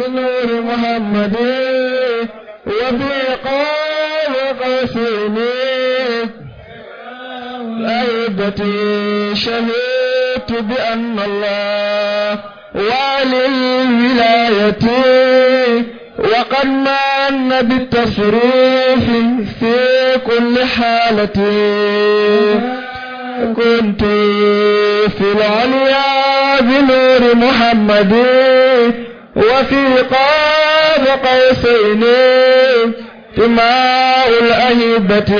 بنور محمد وفي قاب قاسمي عودتي شهدت بأن الله والي الولاية وقد من بالتصريف في كل حالتي كنت في العليا بنور محمد وفي قاب قوسين طماع الأهبة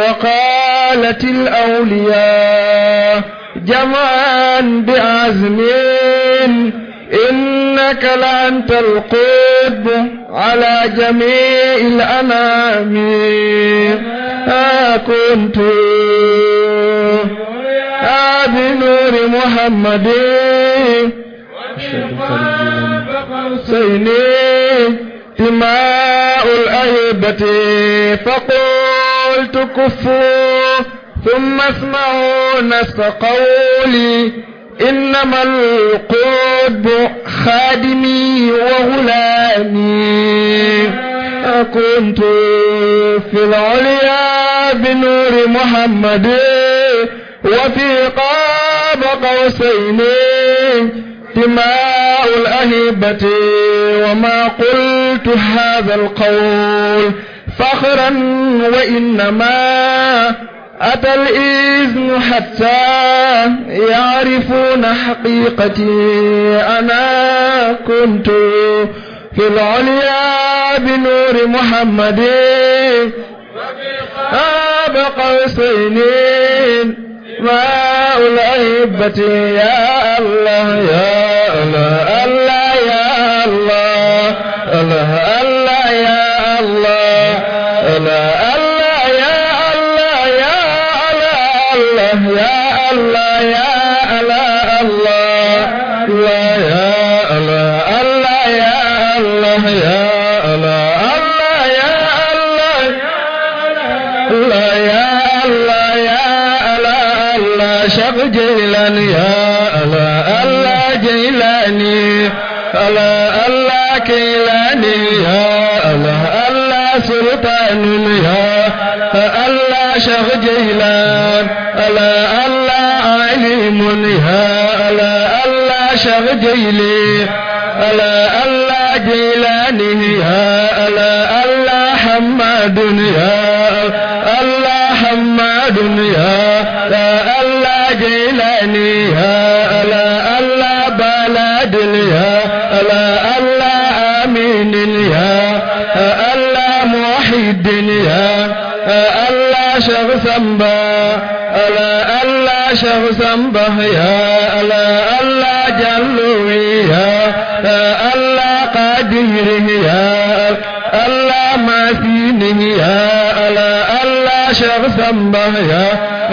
وقالت الأولياء جمعا بعزم إنك لأنت القطب على جميع الأنام ها كنت بنور محمد أشهد حسيني دماء الأهبة فقلت كفوا ثم اسمعوا نصف قولي إنما القرب خادمي وغلامي كنت في العليا بنور محمد وفي قاب قوسين دماء الأهبة وما قلت هذا القول فخرا وإنما أتى الإذن حتى يعرفون حقيقتي أنا كنت في العليا بنور محمد وفي قاب قوسين ما حول هبتي يا الله يا الله الله يا الله الله الله يا الله الله الله يا الله يا الله يا الله يا الله الله الله يا الله الله يا الله يا الله شب جيلان يا الله الله جيلاني الله الله كيلاني يا الله الله سلطان يا الله شيخ جيلان الله الله عليم يا الله الله شيخ جيلي الله الله جيلاني يا الله الله حماد يا ذنبا ألا ألا شخصا بهيا ألا ألا جلويا ألا قديره يا ألا مسينه يا ألا ألا شخصا بهيا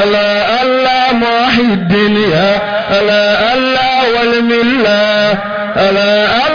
ألا ألا محد يا ألا ألا والملا ألا ألا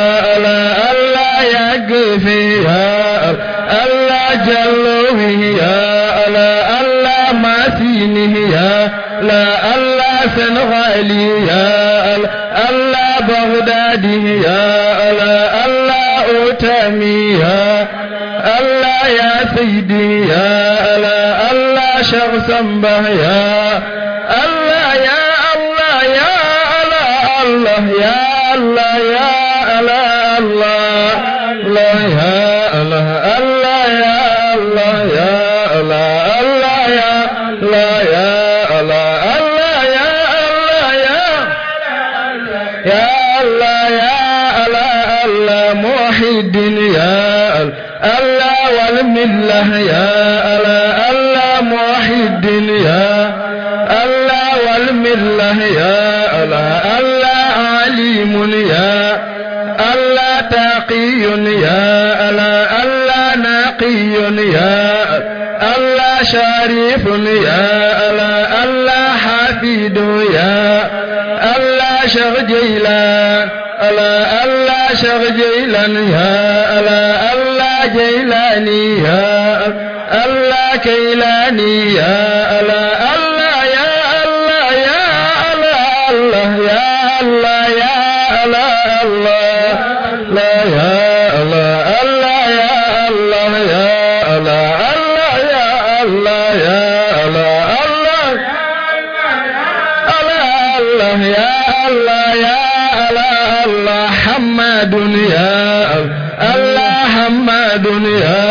دينه يا لا الله سنغالي يا الله بغدادي يا لا الله أوتامي يا الله يا سيدي يا لا الله شخصا به يا الله يا الله يا الله الله يا الله يا الله الله يا ألا والمله يا ألا ألا موحد يا ألا والمله يا ألا ألا عليم يا ألا تقي يا ألا ألا نقي يا ألا شريف يا ألا ألا حفيد يا ألا شغجيلا ألا ألا شغجيلا يا كيلاني يا الله كيلاني يا الله الله يا الله يا الله يا الله يا الله الله لا يا الله الله يا الله يا الله الله يا الله يا الله الله الله يا الله يا الله الله محمد يا الله محمد يا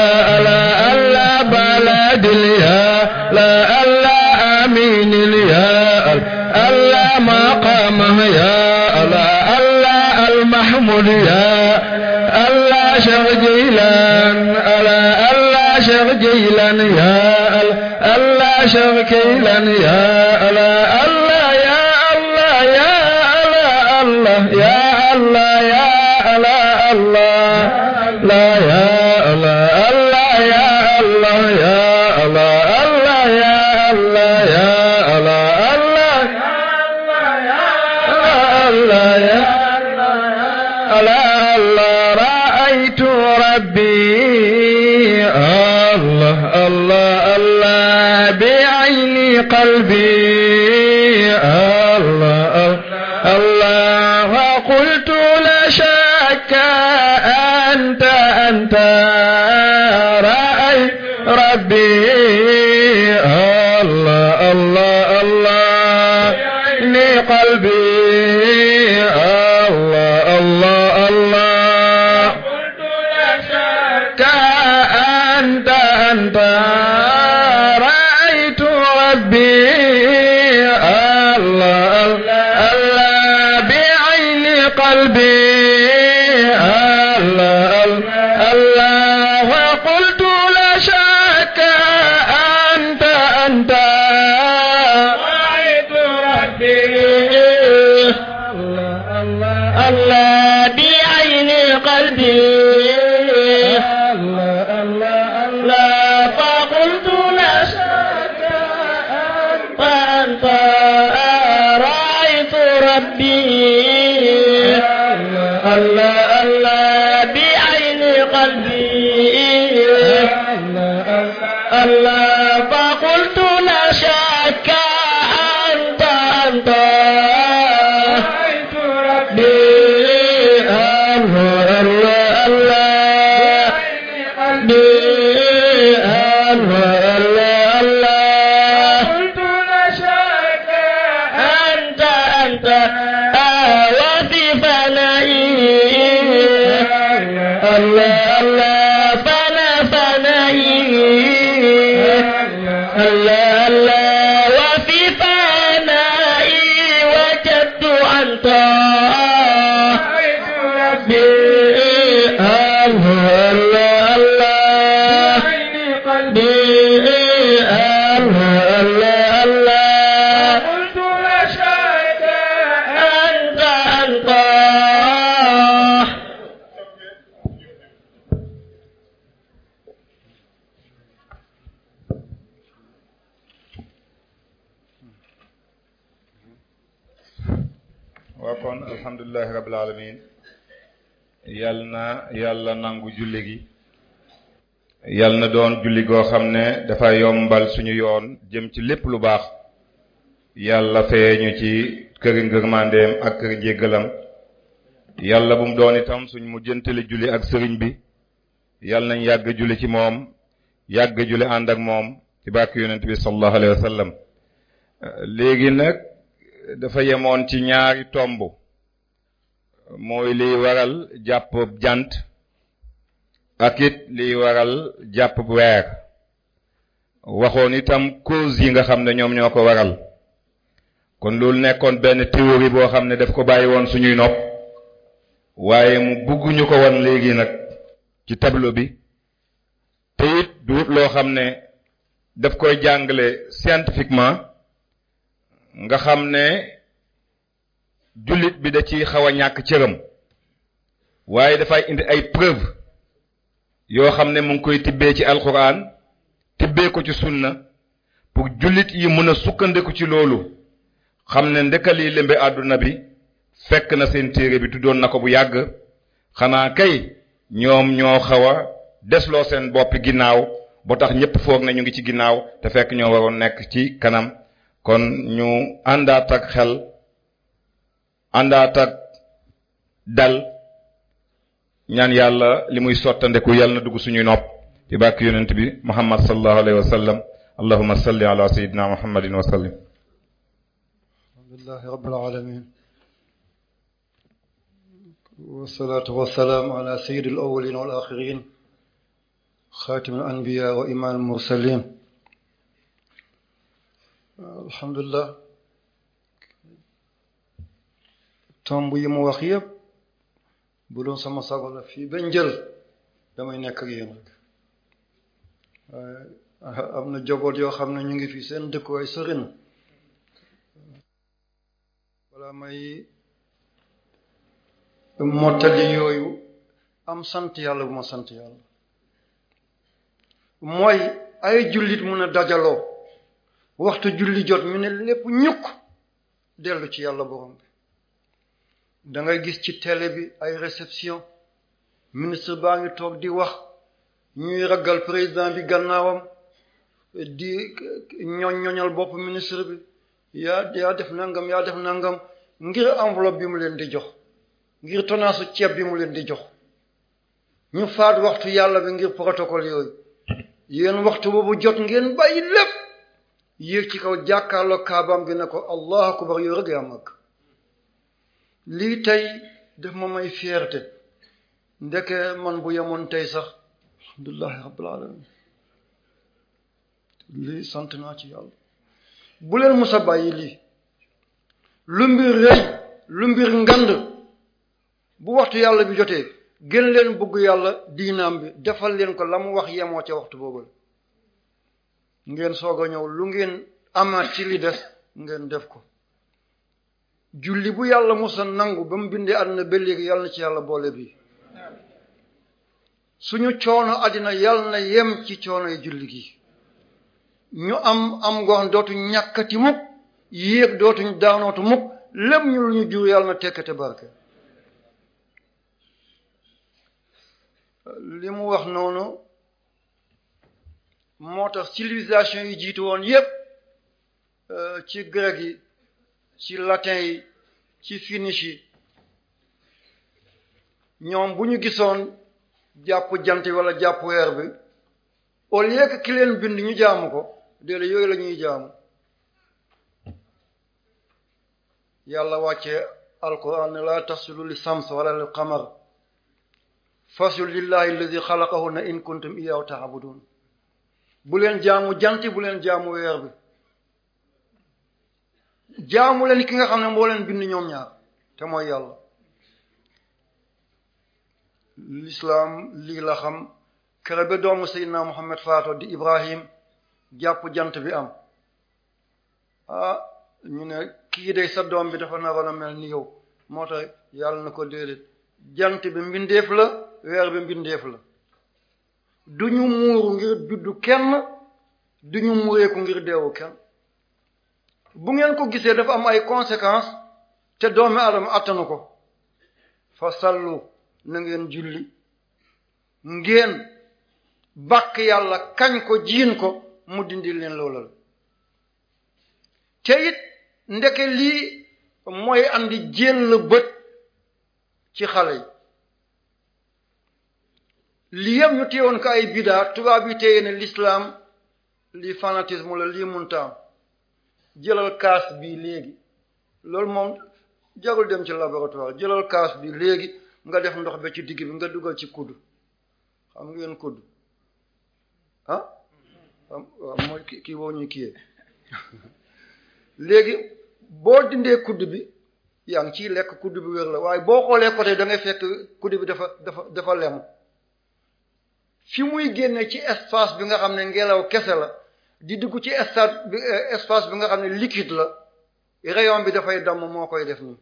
أولياء الله شيخ جيلان ألا الله شيخ جيلان يا الله شيخ كيلان يا ألا الله يا الله يا ألا الله يا الله يا ألا الله لا يا قلبي الله الله وقلت لا شك أنت أنت رأي ربي الله الله الله لقلبي الله julli gi yal na doon julli goo xam ne dafa yombal suñu yoon jëm ci lépp lu baax yàlla feeñu ci kër ngërmandeem ak kër njéggalam yàlla bu mu doon itam suñ mu julli ak sëriñ bi yàlla nañ yàgg julli ci moom yàgg julli ànd ak moom ci bàkk yonent bi sallallahu alayhi wa léegi nag dafa yemoon ci ñaari tomb mooy liy waral jàpp jant ak it liy waral jàpp weer waxoon itam cause yi nga xam ne ñoom ñoo ko waral kon loolu nekkoon benn théorie boo xam ne daf ko bàyyi woon suñuy nopp waaye mu bugguñu ko wan léegi nag ci tableau bi te it duut loo xam ne daf koy jàngale scientifiquement nga xam ne jullit bi da ci xaw a ñàkk cëram waaye dafay indi ay preuve yoo xam ne mu ngi koy tibbee ci alquran tibbee ko ci sunna pour jullit yi mën a sukkandiku ci loolu xam ne ndeka lii lembe àdduna bi fekk na seen téere bi tuddoon na ko bu yàgg xanaa kay ñoom ñoo xaw a desloo seen bopp ginnaaw ba tax ñépp foog na ñu ngi ci ginnaaw te fekk ñoo waroon nekk ci kanam kon ñu àndaat ak xel àndaat ak dal ñaan yàlla li muy sottandeku yàlla na dugg suñuy nopp ci barke yonent bi muhammad sallallahu alayhi wa sallam allahuma salli ala sayidina muhammadin wa sallim alhamdulilahi rabbil alamin wasalaatu wasalaam ala sayidi al awalin wal axirin xaatim al anbiya wa imaam al mursalin alhamdulilah tomb yi mu wax yëpp bu doon sama sago la fii ba njël damay nekk ak yéen am na joboot yoo xam ne ñu ngi fii seen dëkkuwaay sori na wala may mottali yooyu am sant yàlla bu ma sant yàlla mooy ay jullit mun a dajaloo waxtu julli jot ñu ne lépp ñukk dellu ci yàlla borom bi da ngay gis ci télé bi ay réception ministre baa ngi toog di wax ñuy ragal président bi gannaawam di ñoñ ñoñal bopp ministre bi yaa yaa def nangam yaa def nangam ngir enveloppe bi mu leen di jox ngir tonaasu ceeb bi mu leen di jox ñu faat waxtu yàlla bi ngir protocole yooyu yéen waxtu boobu jot ngeen bàyyi lépp yéeg ci kaw jàkkaarloo kaabaam bi ne ko allahu akbar yow rek yaa mag lii tey def ma may fierté ndeke man bu yemoon tey sax alhamdulillahi rabbil alamin lii sant naa ci yàlla bu leen musa bàyyi lii lu mbir rëy lu mbir ngand bu waxtu yàlla bi jotee gën leen bëgg yàlla diinaam bi defal leen ko la mu wax yemoo ca waxtu boobu ngeen soog a ñëw lu ngeen amaat ci li des ngeen def ko julli bu yàlla musa nangu ba mu bindee àddina ba léegi yàlla ci yàlla boole bi suñu coono àddina yàlla na yem ci coono yi julli gi ñu am am ngoon dootu ñàkkati mukk yéeg dootuñ daanootu mukk lépp ñu lu ñu jur yàlla na tekkate barke li mu wax noonu moo tax civilisation yi jiitu woon yépp euh, ci grec yi ci latin yi ci finnish yi ñoom bu ñu gisoon jàpp jant wala jàpp weer bi au lieu bind ñu jaamu ko déedéet yooyu la ñuy jaamu yàlla wàccee alquran ne laa tasjudu li sams wala lil qamar fasjud lillahi allazi na in kuntum iyyahu ta'budun bu leen jaamu jant bu leen jaamu weer bi jaamu ki nga xam ne moo leen bind ñoom ñaar te mooy yàlla l'islam lii la xam kere ba doomu Seydina Muhammad faato di Ibrahim jàpp jant bi am ah ñu ne kii day sa doom bi dafa naroon a mel ni yow moo tax yàlla na ko déedéet jant bi mbindeef la weer bi mbindeef la du ñu muuru ngir juddu kenn du ñu muureeku ngir deewu kenn bu ngeen ko gisee dafa am ay conséquences te doomi aadama attanu ko fa sallu na ngeen julli ngeen bàkk yàlla kañ ko jiin ko mu dindi leen loolal te it ndeke lii mooy andi la bët ci xale yi lii yëpp ñu téyewoon ko ay bidaa tubaab yi téye ne l'islam lii fanatisme la lii muntaam jëlal kaas bi léegi loolu moom jarul dem ci laboratoire jëlal kaas bi léegi nga def ndox ba ci digg bi nga dugal ci kudd xam ngeen kudd ah waaw mooy kii woo ñuy kiyee léegi boo dindee kudd bi yaa ngi ciy lekk kudd bi wér la waaye boo xoolee côté da ngay fekk kudd bi dafa dafa dafa lemu fi muy génne ci espace bi nga xam ne ngelaw kese la di dugg ci stade bi eh, espace bi nga xam ne liquide la rayon bi dafay damm moo koy def nii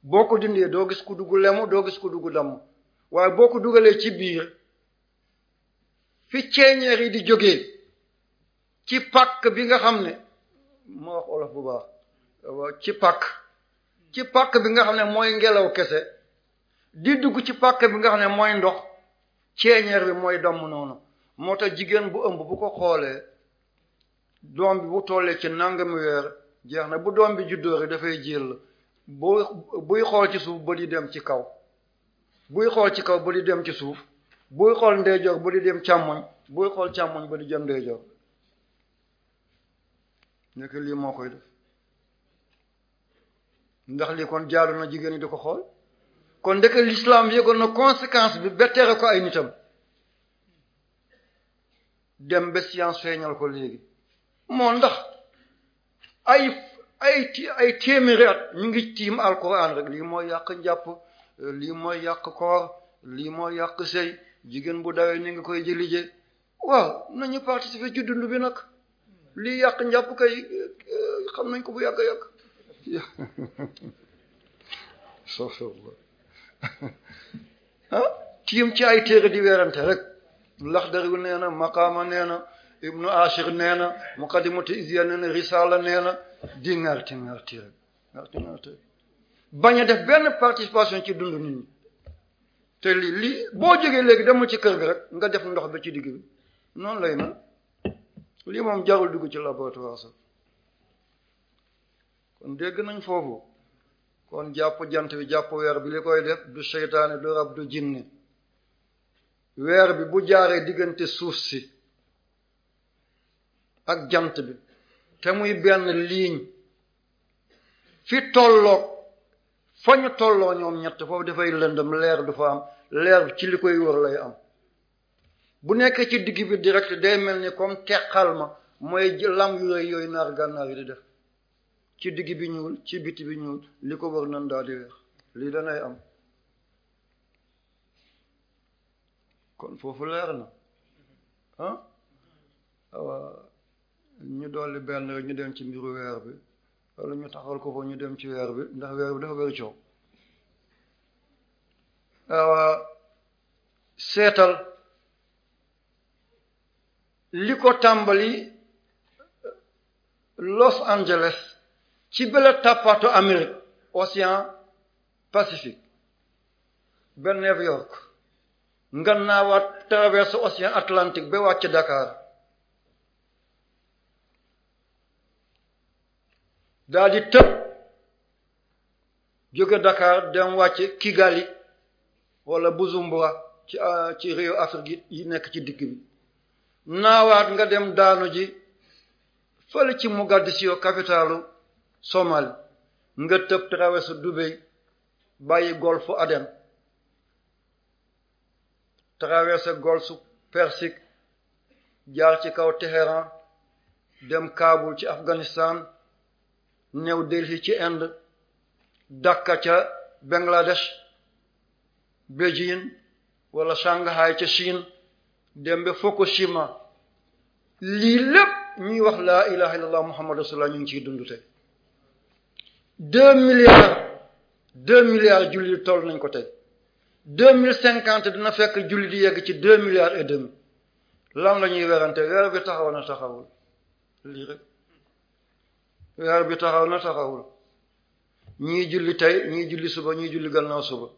boo ko dindee doo gis ku dugg lemu doo gis ku dugg dam waaye boo ko dugalee ci biir fi ceeñeer yi di jógee ci pàkk bi nga xam ne ma olof bu baax ci pàkk ci pàkk bi nga xam ne mooy ngelaw kese di dugg ci pàkk bi nga xam ne mooy ndox ceeñeer bi mooy damm noonu moo tax jigéen bu ëmb bu ko xoolee doom bi bu tollee ci nangami weer jeex na bu doom bi juddoo rek dafay jël bu buy xool ci suuf ba di dem ci kaw buy xool ci kaw ba di dem ci suuf buy xool ndeyjoor ba di dem càmmoñ buy xool càmmoñ ba di jëm ndeyjoor nekk lii moo koy def ndax lii kon jaaru na jigéen ñi di ko xool kon ndeke l'islam yëgoon na conséquence bi betteere ko ay nitam dem ba science feeñal ko léegi moo ndax ay ay ay téeméeri at ñu ngi tiim alquran rek lii mooy yàq njàpp lii mooy yàq koor lii mooy yàq sey jigéen bu dawee ni ngi koy jëlije waaw nañu participer ci dund bi nag lii yàq njàpp kay xam nañ ko bu yàgg yàgg so so ah tiim ci ay téere di weerante rek laxdariwu nee na maqaama nee na ibnu ashir nee na muqaddimatu izya nee na risala nee na di ngarti ngarti rek ngarti ngarti rek bañ def benn participation ci dund nit ñi te lii lii boo jógee léegi demul ci kër gi rek nga def ndox ba ci digg bi noonu lay na lii moom jarul dugg ci laboratoire sax kon dégg nañ foofu kon jàpp jant bi jàpp weer bi li koy def du seytaane du rab du jinne weer bi bu jaaree diggante suuf si ak jant bi te muy benn liiñ fi tolloog fa ñu tolloo ñoom ñett foofu defay lëndëm leer du fa am leer ci li koy wër lay am bu nekkee ci digg bi direct day mel ni comme teqal ma mooy lam yu rëy yooyu naar gànnaar yi di def ci digg bi ñuul ci biti bi ñuul li ko wër nan daal di weer lii danay am kon foofu leer na ah awa ñu benn ñu dem ci mbiru weer bi wala ñu taxal ko foofu ñu dem ci weer bi ndax weer bi dafa bëri coow seetal li ko tàmbali uh, Los Angeles ci bële tappato Amérique océan Pacifique benn New York nga naawaat traverse océan Atlantique ba wàcc Dakar daal di tëb jóge Dakar dem wàcc Kigali wala Bujumbura ci ah, ci réew Afrique yi nekk ci digg bi naawaat nga dem daanu ji fële ci Mogadiscio capitalu Somalie nga tëb traverse Dubaï bàyyi golfe adem traversé golfe Persique jaar ci kaw Téhéran dem Kaabul ci Afghanistan new Delhi ci Inde Dhaka ca Bangladesh Beijing wala Shanghai ca Chine dem ba Fukushima lii lépp ñuy wax laa ilaha illallah muhammad rasulullah ñu ngi ciy dund tey deux milliards jullit toll nañ ko teg deux mille cinquante dina fekk julli di yegg ci deux milliards et demi lan la ñuy werante weer bi taxaw na taxawul lii rek weer bi taxaw na taxawul ñii julli tey ñii julli suba ñii julli gannaaw suba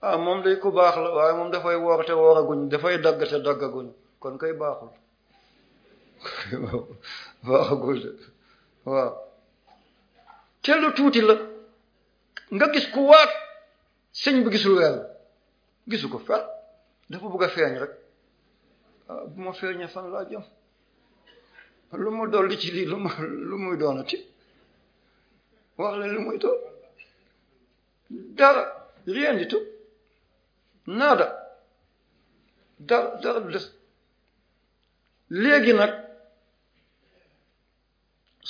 ah moom day ku baax la waaye moom dafay woor te wooraguñ dafay dagg te daggaguñ kon kay baaxul baaxagul de waaw te lu tuuti la nga gis ku waat sëñ bi gisul weer gisu ko fen dafa bëgg a feeñ rek ah, bu ma feeñee fan laa jëm lu mu dolli ci lii lu muy doonati wax leen lu muy doon dara rien du tout nada dara dara du léegi nag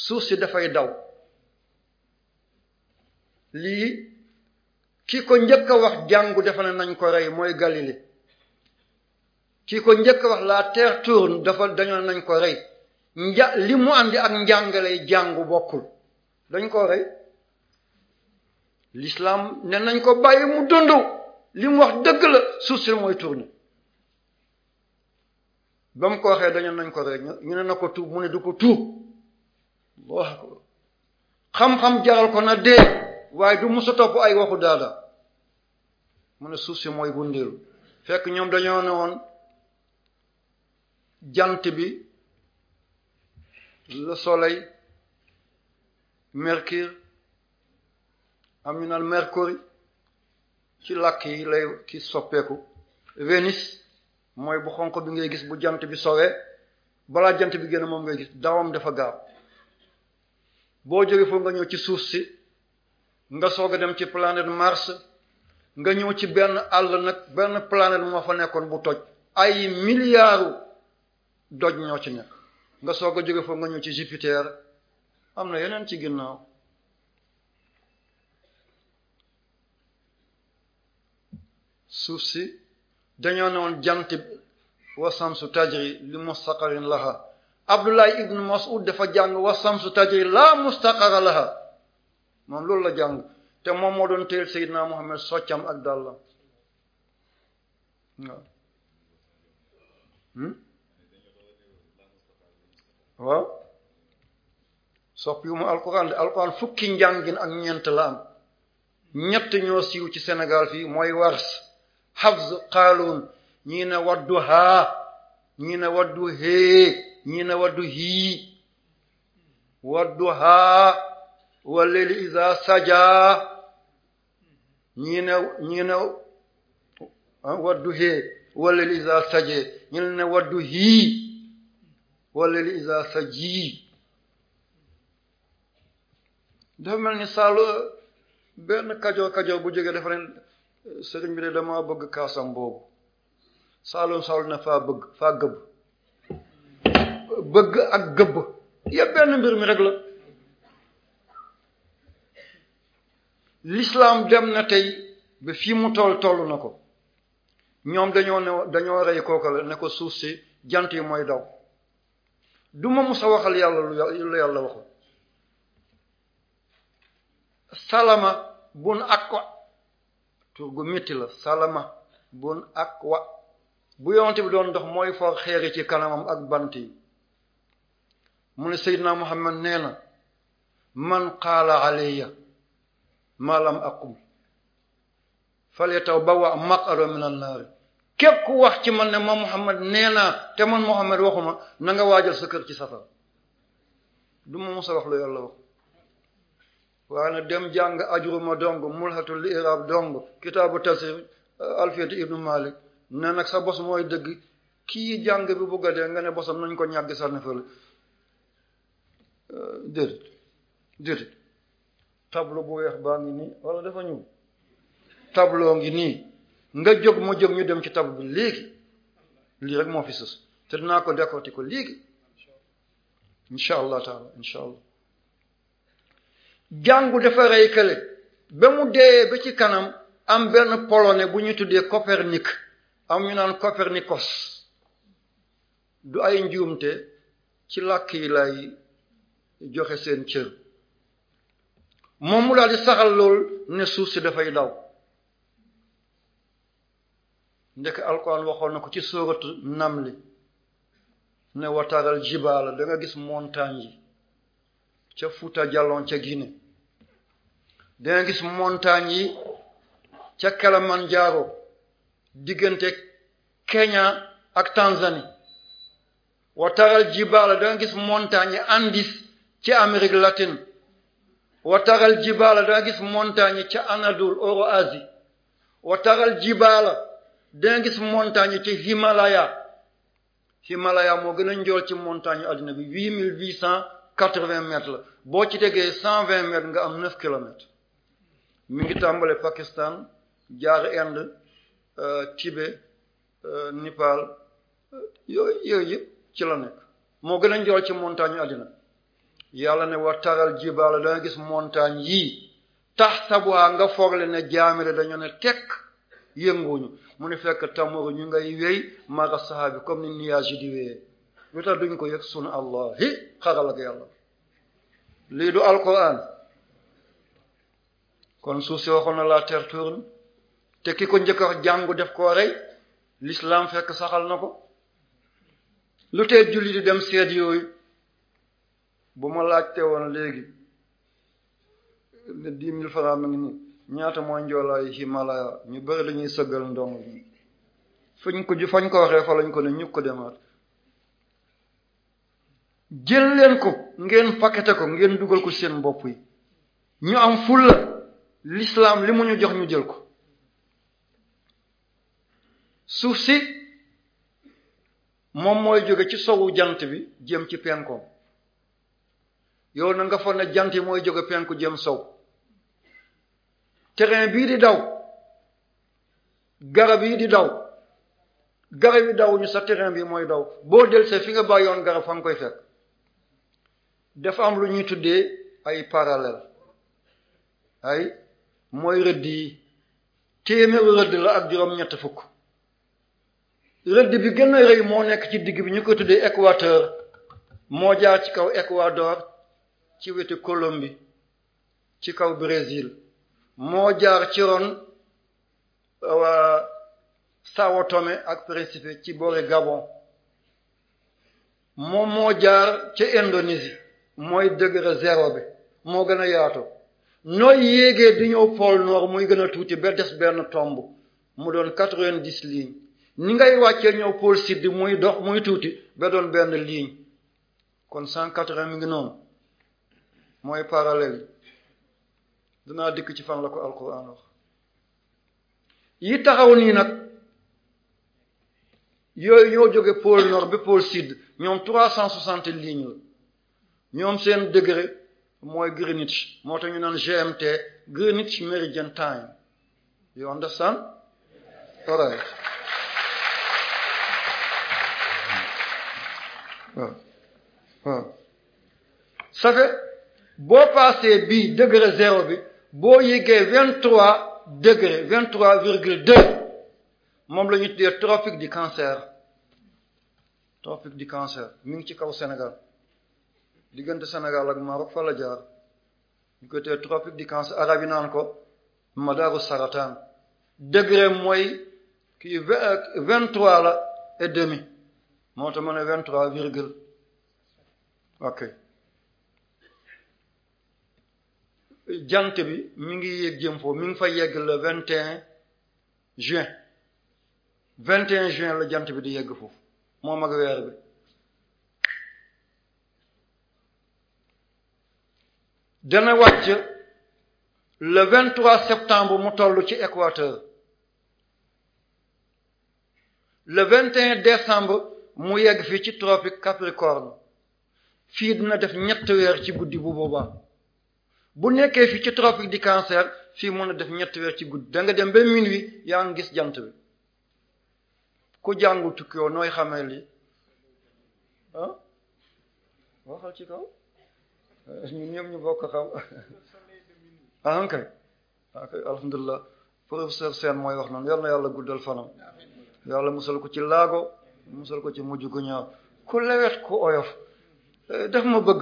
suuf si dafay daw lii ki ko njëkk wax jàngu dafa ne nañ ko rey mooy Galilée ki ko njëkk wax laa terre tourne dafa dañoo nañ ko rey nja li mu andi ak njàngale jàngu bokkul dañ ko rey l'islam ne nañ ko bàyyi mu dundu limu wax dëgg la suuf si mooy tourne ba mu ko waxee dañu nañ ko rey ñu ne na ko tuub mu ne du ko tuub xam-xam jaral ko na dee waaye du musa topp ay waxu daada mu ne suuf si mooy gundiru fekk ñoom dañoo ne woon jant bi le soleil mercure am ñu naan mercure ci làkk yi lay ki soppeeku Vénus mooy bu xonq bi ngay gis bu jant bi sowee balaa jant bi génn moom ngay gis dawam dafa gaaw boo jógee foofu nga ñëw ci suuf si nga soog a dem ci planète Mars nga ñëw ci benn àll nag benn planète moo fa nekkoon bu toj ay milliards doj ñoo ci nekk nga soog a jóge foofu nga ñëw ci Jupiter am na yeneen ci ginnaaw suuf si dañoo ne woon jant wasamsu tajri li mustaqarin laha Abdullah ibn Mas'ud dafa jàng wasamsu tajri la mustaqara laha moom loolu la jàng te moom moo doon teel Seydina Muhammad soccam ak dàllam waaw hmm? waaw soppi wu ma alquran de fukki njàngin ak ñeent la am ñett ñoo siiw ci Sénégal fii mooy wars hafz qaaluun ñii ne waddu haa ñii ne waddu hee ñii ne waddu hii waddu haa walleli isa sajaa ñii ne ñii ne waddu hee walleli isa sajee ñi ne waddu hii walleli isa sajii dafa mel ni saalu benn kajoor kajoor bu jógee dafa ne sëriñ dama bëgg kaasam boobu saalum saalum na faa bëgg faa gëbb bëgg ak gëbb yépp benn mbir mi rek lislaam dem na tey ba fii mu toll toll na ko ñoom dañoo ne dañoo rey kooka ne ko suuf si jant yi mooy daw du ma musa waxal yàlla lu yàlla waxul salama bun akwa tur gu métti la salama bun akwa bu yonte bi doon ndox mooy for xeeri ci kanamam ak bant yi mu ne Seydina Muhammad nee na man qaala alayya maalam aqul falyatabawa maq'adahu minan naar képp ku wax ci man ne ma Muhammad nee te man Muhammad waxuma na nga waajal sa kër ci safar du ma mos a wax lu yàlla wax waaye nag dem jàng ajruma dong mulhatul i'rab dong kitaabu tafsir alfiyatu ibnu malik ne sa bos mooy dëgg kii jàng bi bugg a dee nga ne bosam nañ ko ñàgg sànni fële déedéet déedéet tableau bu weex baa ngi nii wala dafa ñuul tableau ngi nii nga jog ma jóg ñu dem ci tableau bu léegi lii rek moo fi sës te dinaa ko décortiquer ko léegi incha allah taala incha allah jàngu dafa rey kële ba mu dee ba ci kanam am benn polone bu ñu tuddee Copernic am ñu naan Copernicus du ay njuumte ci lakk yi lay joxe seen cër moom mu daal di saxal lool ne suuf si dafay daw ndekk alquran waxoon na ko ci sóoratu namli ne wataral jibaala da gis montagne yi ca Fuuta Jalon ca Guinée gis montagne yi ca Kilimanjaro diggante Kenya ak Tanzanie wataral jibaala da gis montagne yi Andes ci Amérique latine wa taral jibaala danga gis montagne ci Anadol Eurasie wa taral jibaala danga gis montagne ci Himalaya Himalaya moo gën a njool ci montagne àddina bi huit mille huit cent quatre vingt mètres la boo ci tegee cent vingt mètres nga am neuf kilomètres mi ngi tàmbale Pakistan jaar Inde euh, Tibet euh, Népal euh, yooyu yooyu yëpp ci la nekk moo gën a njool ci montagne àddina yàlla ne wa taral jibaala da gis montagne yii tax sabuwaa nga fogle ne jaamire dañu ne tekk yënguñu mu ne fekk tamuru ñu ngay wéy mara sahabi comme ni nuage yi di wéyee lu tax duñ ko yëg sun allah hi xaral ak yàlla lii du alquran kon suuf si waxoon na la terre te ki ko njëkk a jàngu def koo rey l'islam fekk saxal na ko lu tee julli di dem seet yooyu bu ma laajte woon léegi dix mille francs mi ngi nii ñaata mooy njoolaayu Himalaya ñu bëri dañuy sëggal ndong fañ ko fañ ko waxee fa lañ ko ne ñu ko demaat jël ko ngeen paqueté ko ngeen dugal ko seen bopp yi ñu am fulla l'islam li mu ñu jox ñu jël ko suuf si moom mooy jóge ci sowu jant bi jëm ci penkoom yow na nga foog ne jant yi mooy jóge penku jëm sow terrain bii di daw garab yii di daw garab yi daw ñu sa terrain bi mooy daw boo delsee fi nga yoon garab fa koy fekk dafa am lu ñuy tuddee ay parallèle ay mooy rëdd yi téeméeru rëdd la ak juróom-ñett fukk rëdd bi gën a rëy moo nekk ci digg bi ñu koy tuddee équateur moo jaar ci kaw équador ci wetu Colombie ci kaw Brésil moo jaar ci ron Sao Tomé ak Principe ci boori Gabon moom moo jaar ci Indonésie mooy degré zéro bi moo gën a yaato nooy yéegee di ñëw pôle nord muy gën a tuuti ba des benn tomb mu doon quatre-vingt-dix lignes ni ngay wàccee ñëw pôle sud muy dox muy tuuti ba doon benn ligne kon cent quatre-vingts mi mooy parallèle yi danaa dikk ci fan la ko alquran yi taxaw nii nag yooyu yoo jóge pôle nord ba pôle sud ñoom trois cent soixante lignes la ñoom seen degré mooy Greenwich moo tax ñu naan GMT Greenwich Meridian Time you understand all right boo passé bi degré zéro bi boo yéegee vingt trois degré vingt trois virgule deux moom la ñu tuddee tropique du cancer tropique du cancer mi ngi ci kaw senegal diggante Sénégal ak Maroc fa jaar ñu koy tuddee tropique di cancer arabe ko naan ko madaru saratan degré mooy kii vingt trois la et demi moo tax ma ne vingt trois virgule ok jant bi mi ngi yéeg foofu mi ngi fa yegg le vingt et juin vingt juin la jant bi di yegg foofu moom ak weer bi dana wàcc le vingt septembre mu toll ci équateur le vingt et décembre mu yegg fii ci tropique Capricorne fii dina def ñett weer ci guddi bu boobaa bu nekkee fii ci tropique di cancer fii mën a def ñetti weer ci gudd da nga dem ba minuit yaa ngi gis jant bi ku jàngul tukki yoo nooy xamee li waxal ah? ci kaw ñun ñëpp ñu bokk xam ah ok ah, ok alhamdulilah professeur Sène mooy wax noonu yal na yàlla guddal fanam yàlla musal ko ci laago musal ko ci mujj gu ñaaw ku lewet ku oyof eh, daf ma bëgg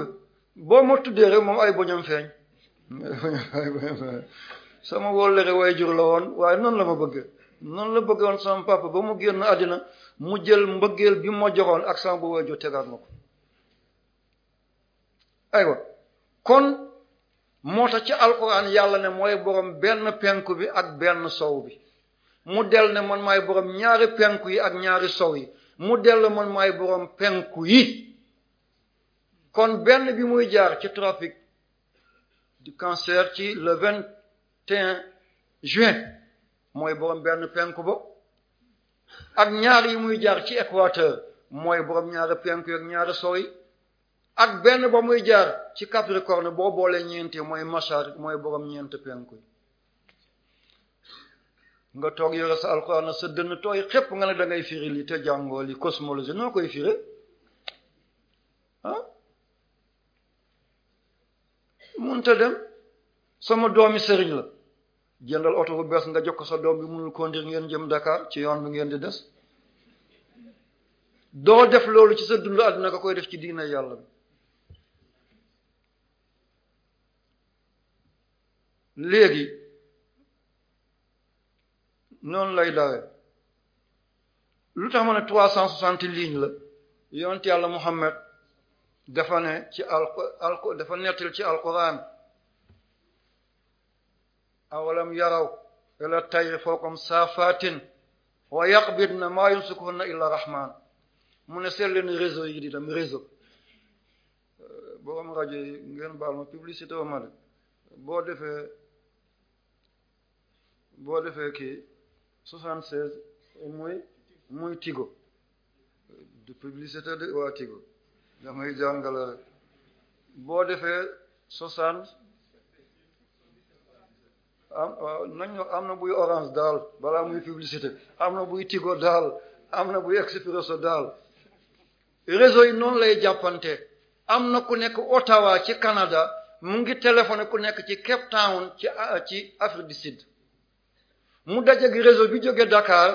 boo ma tuddee rek moom ay boñam feeñ sama wóllëre way jur la woon waaye noonu la ma bëgg noonu la bëggoon sama papa ba mu génn àddina mu jël mbëggeel bi ma joxoon ak sama bu way jur tegaat ma ko aywa kon moo tax ci alquran yàlla ne mooy borom benn penku bi ak benn sow bi mu del ne man maay borom ñaari penku yi ak ñaari sow yi mu del man maay borom penku yi kon benn bi muy jaar ci trafic du cancer ci le vingt et juin mooy borom benn penku ba ak ñaar yi muy jaar ci équateur mooy borom ñaari penku ak ñaari sori ak benn ba muy jaar ci capricorne boo boolee ñeenti mooy machar mooy borom ñeent penku nga toog yore sa alxuraan sa dënn tooy xëpp nga ne da ngay firi li te jàngoo li cosmologie noo koy firi ah munta dem sama doomi sëriñ la jëndal oto bu bees nga jokk sa doom bi munul conduire ngeen jëm Dakar ci yoon bi ngeen di des doo def loolu ci sa dund àdduna ka koy def ci diina yàlla léegi noonu lay dawee lu tax ma ne trois cent soixante lignes la yonent yàlla Muhammad dafa ci alqu dafa nettal ci alquran awalam yaraw ila tayri fawqam saafatin wa ma maa yumsikuhunna illa rahman mu ne seet leen réseau yi di dam réseau boroom rajo yi ngeen baal ma publicité wa ma de boo defee boo defee kii soixante seize muy muy tigo de publicité de waa tigo damay jàngale boo defee soixante am nañ am na buy orange daal bala muy publicité am na buy tigo daal am na buy expresso daal réseau yi noonu lay jàppante am na ku nekk Ottawa ci Canada mu ngi téléphone ku nekk ci Cape Town ci ah, ci Afrique di Sud mu dajeeg réseau bi jóge Dakar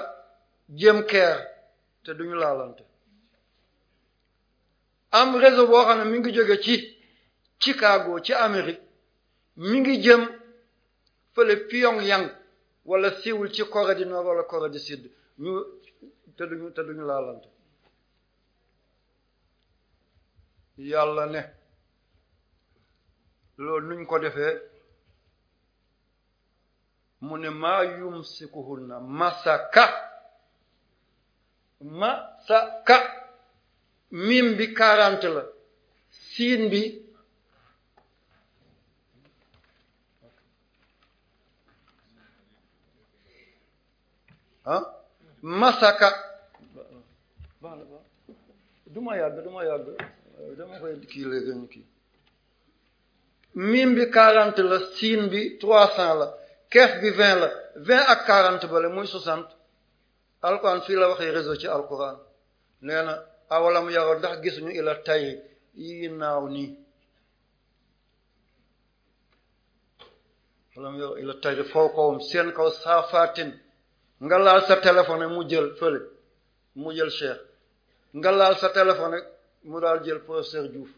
jëm keer te duñu laalante am réseau boo xam ne mi ngi jóge ci Chicago ci Amérique mi ngi jëm fële Pyongyang wala siiwul ci Corée du Nord wala Corée du ñu te duñu te duñu yàlla ne loolu nuñ ko defee mu ne maa yumsikuhunna masaka masaka mim bi quarante la siin bi ah masaka du ma yàgg du ma yàgg dama bi quarante la siin bi trois cents la keef bi vingt la vingt ak quarante bale muy soixante alquran fii la waxee réseau ci alquran nee na awalam yaro ndax gisuñu ila tay yi naaw nii awalam yaro ila tay foo kawam seen kaw saafaatin nga laal sa téléphone mu jël fële mu jël cheikh nga laal sa téléphone mu daal jël professeur Diouf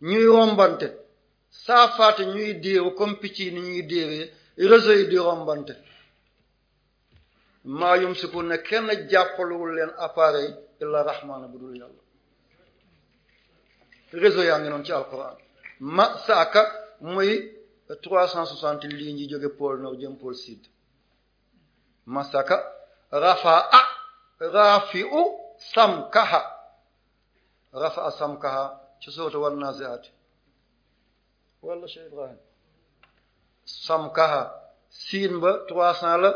ñuy rombante saafaatin ñuy déeru comme picc ni ñuy déeree réseau rombante maa yum siku kenn jàppaluwul leen appareil illa rahmaana bu dul yàlla réseau yaa ngi noonu ci alquran ma saaka muy trois cent soixante lignes yi jóge pôle nord jëm pôle sud ma saaka rafaa rafi'u samkaha rafa'a samkaha ci sourate wan nazi'at wala Cheikh Ibrahim samkaha siin ba trois cent la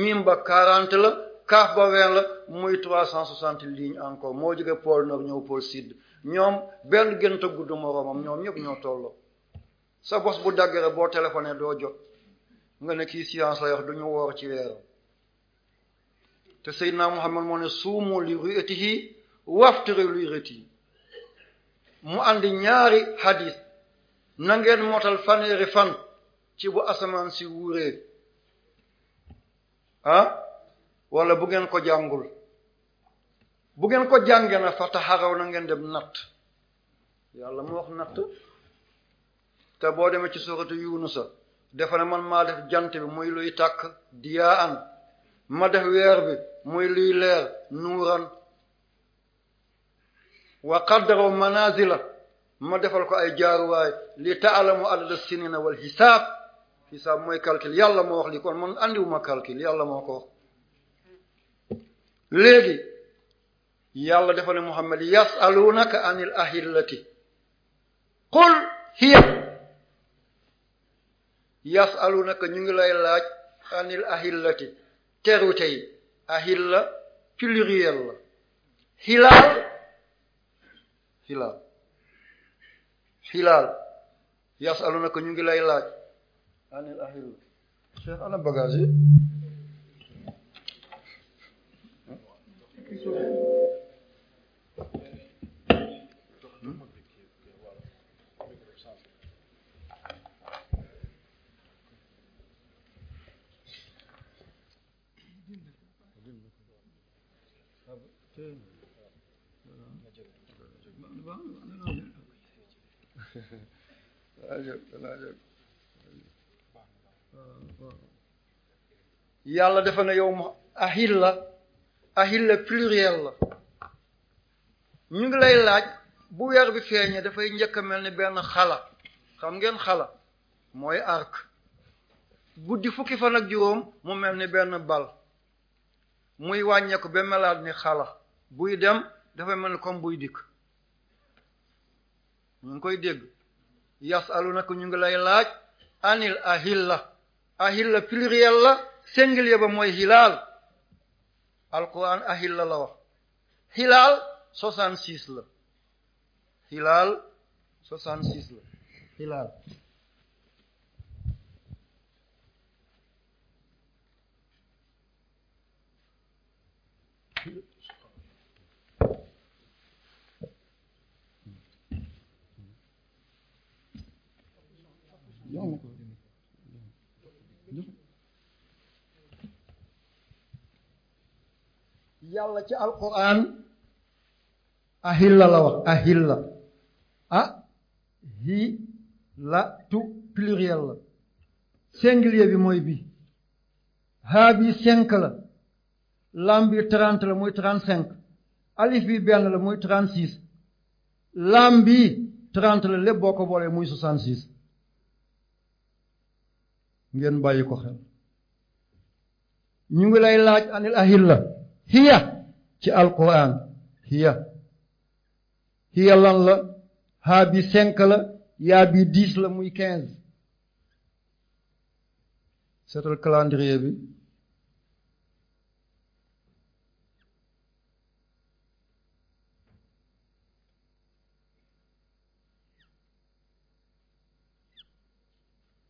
mim ba quarante la kaaf ba vingt la muy trois cent soixante lignes encore moo jóge pôle nord ñëw pôle sud ñoom benn gént a gudd moroomam ñoom ñëpp ñoo tolloo sa bos bu daggere boo téléphoné doo jot nga ne kii science la wax du ñu woor ci weeram te Seydina Muhammad moo ne suumu li ru'yatihi waftiru li ru'yatihi mu andi ñaari hadith na ngeen motal faneeri fan ci bu asamaan si wuuree ah wala bu ngeen ko jàngul bu ngeen ko jàngee na fa taxaraw na ngeen dem natt yàlla mu wax natt te boo demee ci suratu yunusa defe ne man maa def jant bi muy luy tàkk diyaa an ma def weer bi muy luy leer nuuran wa qaddaraw manazila ma defal ko ay jaaruwaay li taalamu adada sinina wal hisaab hisaab mooy calcul yàlla moo wax li kon man andiwuma calcul yàlla moo ko léegi yàlla dafa ne Muhammad yasalunaka anil ahillati qul hiya yasalunaka ñu ngi lay laaj anil ahillati terute yi ahilla pluriel la hilaal hilaal hilaal yasalunaka ñu ngi lay laaj anil ahilla cheikh ana bagage yàlla dafa na yow ma ahilla ahilla pluriel la ñu ngi lay laaj bu weer bi feeñee dafay njëkk a mel ni benn xala xam ngeen xala mooy arc guddi fukki fan ak juróom mu mel ni benn bal muy wàññeeku ba melaat ni xala buy dem dafay man ne comme buy dikk ñu ngi koy dégg yasalunaka ñu ngi lay laaj anil ahilla ahilla pluriel la singulier ba mooy hilal alquran ahilla la wax hilal soixante-six la hilal soixante-six la hilal jox yàlla ci alquran ahilla la wax ahilla ah hi la tu pluriel la singulier bi mooy bi haa bi cinq la lam bi trente la muy trente cinq alif bi benn la muy trente six lam bi trente la lépp boo ko boolee muy soixante ngeen bàyyi ko xel ñu ngi lay laaj anil ahilla hiya ci alquran hiya hiya lan la haa bi cinq la yaa bi dix la muy quinze seetal calendrier bi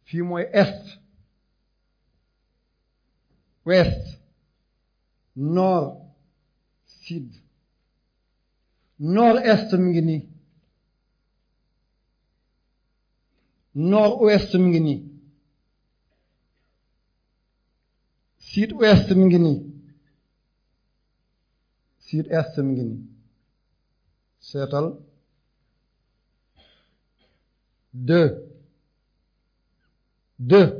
fii mooy est ouest, nord sud nord est mi ngi nii nord ouest mi ngi nii sud ouest mi ngi nii sud est mi ngi nii seetal deux deux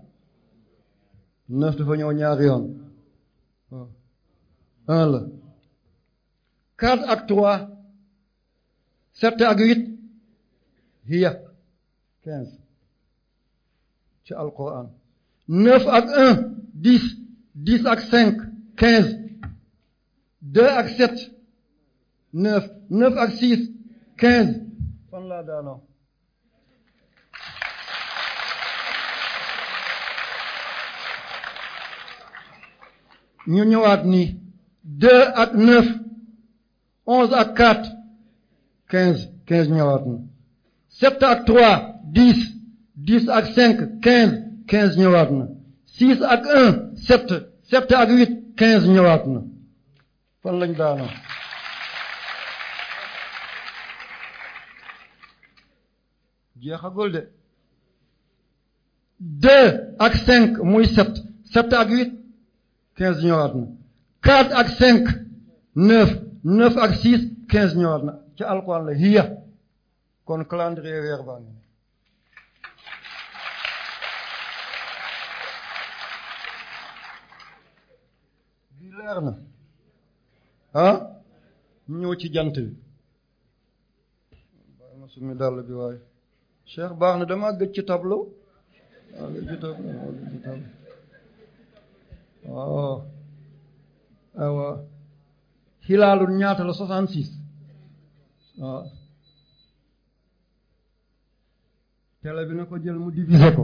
neuf dafa ñëw ñaari yoon waaw ah. un la quatre ak trois sept ak huit hiya quinze ci alquran neuf ak un dix dix ak cinq quinze deux ak sept neuf neuf ak six quinze laa daanoo ñu ñëwaat ni deux ak neuf onze ak quatre quinze quinze ñëwaat na sept ak trois dix dix ak cinq quinze quinze ñëwaat na six ak un sept sept ak huit quinze ñëwaat na fan lañ daana jeexagul de deux ak cinq muy sept sept ak huit quinze ñëwaat na quatre ak cinq neuf neuf ak six quinze ñëwaat na ci alquran la hiya kon calendrier weer baa ngi na ah ci jant bi bàyyi ma sumi dàll bi waaye ci tableau ci tableau gëj ci tableau oh awa hilaalul ñaata la soixante six waaw oh. télé bi na ko jël mu diviser ko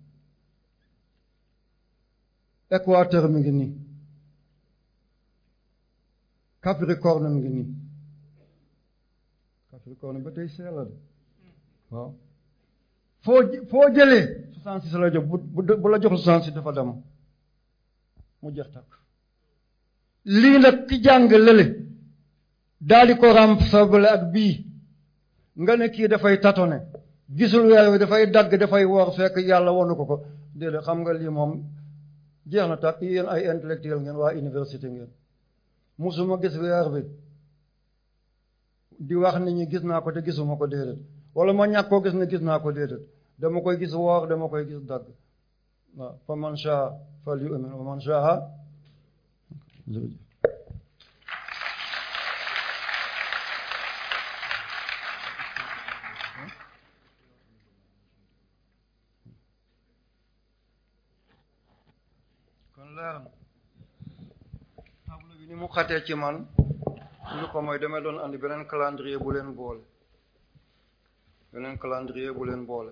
équateur mi ngi nii capricorne mi ngi nii capricorne ba tey see la de waaw foo foo jëlee soixante six la jox bu la jox soixante six dafa dem mu jeex takk lii nag ki jàng lële daal di ko remplacé ak bii nga ne kii dafay tatone gisul weer wi dafay dagg dafay woor fekk yàlla wonu ko ko déedéet xam nga lii moom jeex na tàkk yéen ay intellectuel ngeen waa université ngeen musuma gis weer bi di wax ni ñi gis naa ko te gisuma ko déedéet wala ma ñàkk koo gis ne gis naa ko déedéet dama koy gis woor dama koy gis dagg waaw fa man shaa fal yu'min wa man shaa leeral tableau bi mu xatee ci man lu ko mooy damay doon andi beneen calendrier bu leen boole beneen calendrier bu leen boole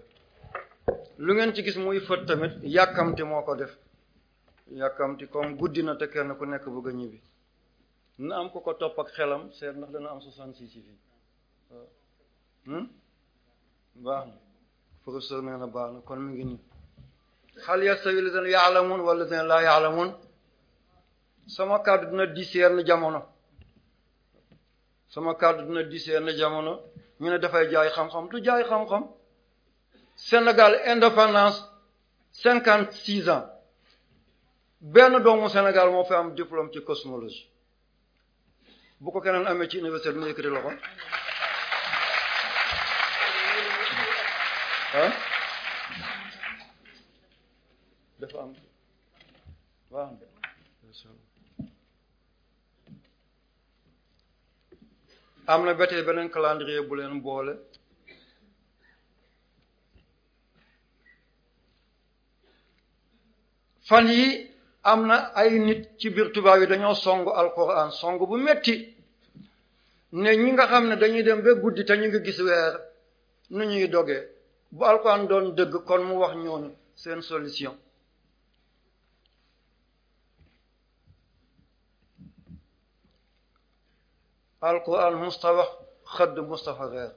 lu ngeen ci gis muy fët tamit yàkkamti moo ko def yàkkamti comme guddi na te kenn ku nekk bëgg a ñibbi na am ko ko topp ak xelam seet ndax dana am soixante-six yi fii hmm? baax na professeur nee na baax na kon mi ngi nii xal yastawi lazina ya'lamun wala lazina la ya'lamun sama kàddu dina diis yenn jamono sama kàddu dina diis yenn jamono ñu ne dafay jaay xam-xam du jaay xam-xam Sénégal indépendance cinquante six ans benn doomu Sénégal moo fi am diplôme ci cosmologie bu ko keneen amee ci université bi mu yëkkati loxo ah dafa am waaw am na ba beneen calendrier bu leen boole fan yi am na ay nit ci biir tubaab yi dañoo song alquran song bu metti ne ñi nga xam ne dañuy dem ba guddi te ñu ngi gis weer nu ñuy dogee bu alquran doon dëgg kon mu wax ñooñu seen solution alquran Moustapha xëdd Moustapha weer